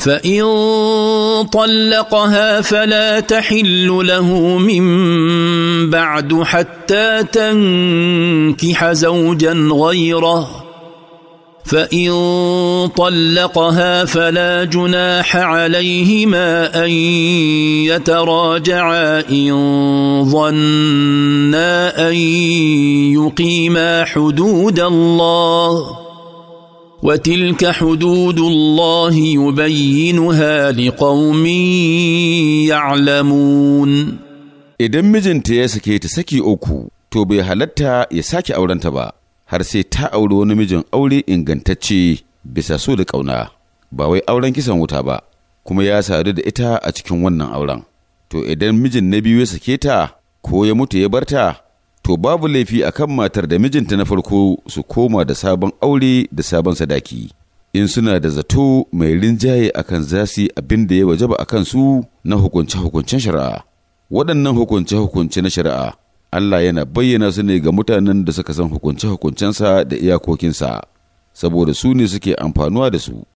فإن طلقها فلا تحل له من بعد حتى تنكح زوجا غيره فإن طلقها فلا جناح عليهما أن يتراجعا إن ظنا أن يقيما حدود الله وتلك حدود الله يبينها لقوم يعلمون idan mijinta ya sake ta saki uku to bai halatta ya sake aurenta ba har sai ta auri wani mijin aure ingantacce bisa so da ƙauna ba wai auren kisan wuta ba kuma ya sadu da ita a cikin wannan auren to idan mijin na biyu ya sake ta ko ya mutu ya barta to babu laifi a kan matar da mijinta na farko su koma da sabon aure da sabon sadaki in suna da zato mai rinjaye a kan zasi abin da ya wajaba a kansu na hukunce-hukuncen shari'a waɗannan hukunce-hukunce na shari'a Allah yana bayyana su ne ga mutanen da suka san hukunce-hukuncensa da iyakokinsa saboda su ne suke amfanuwa da su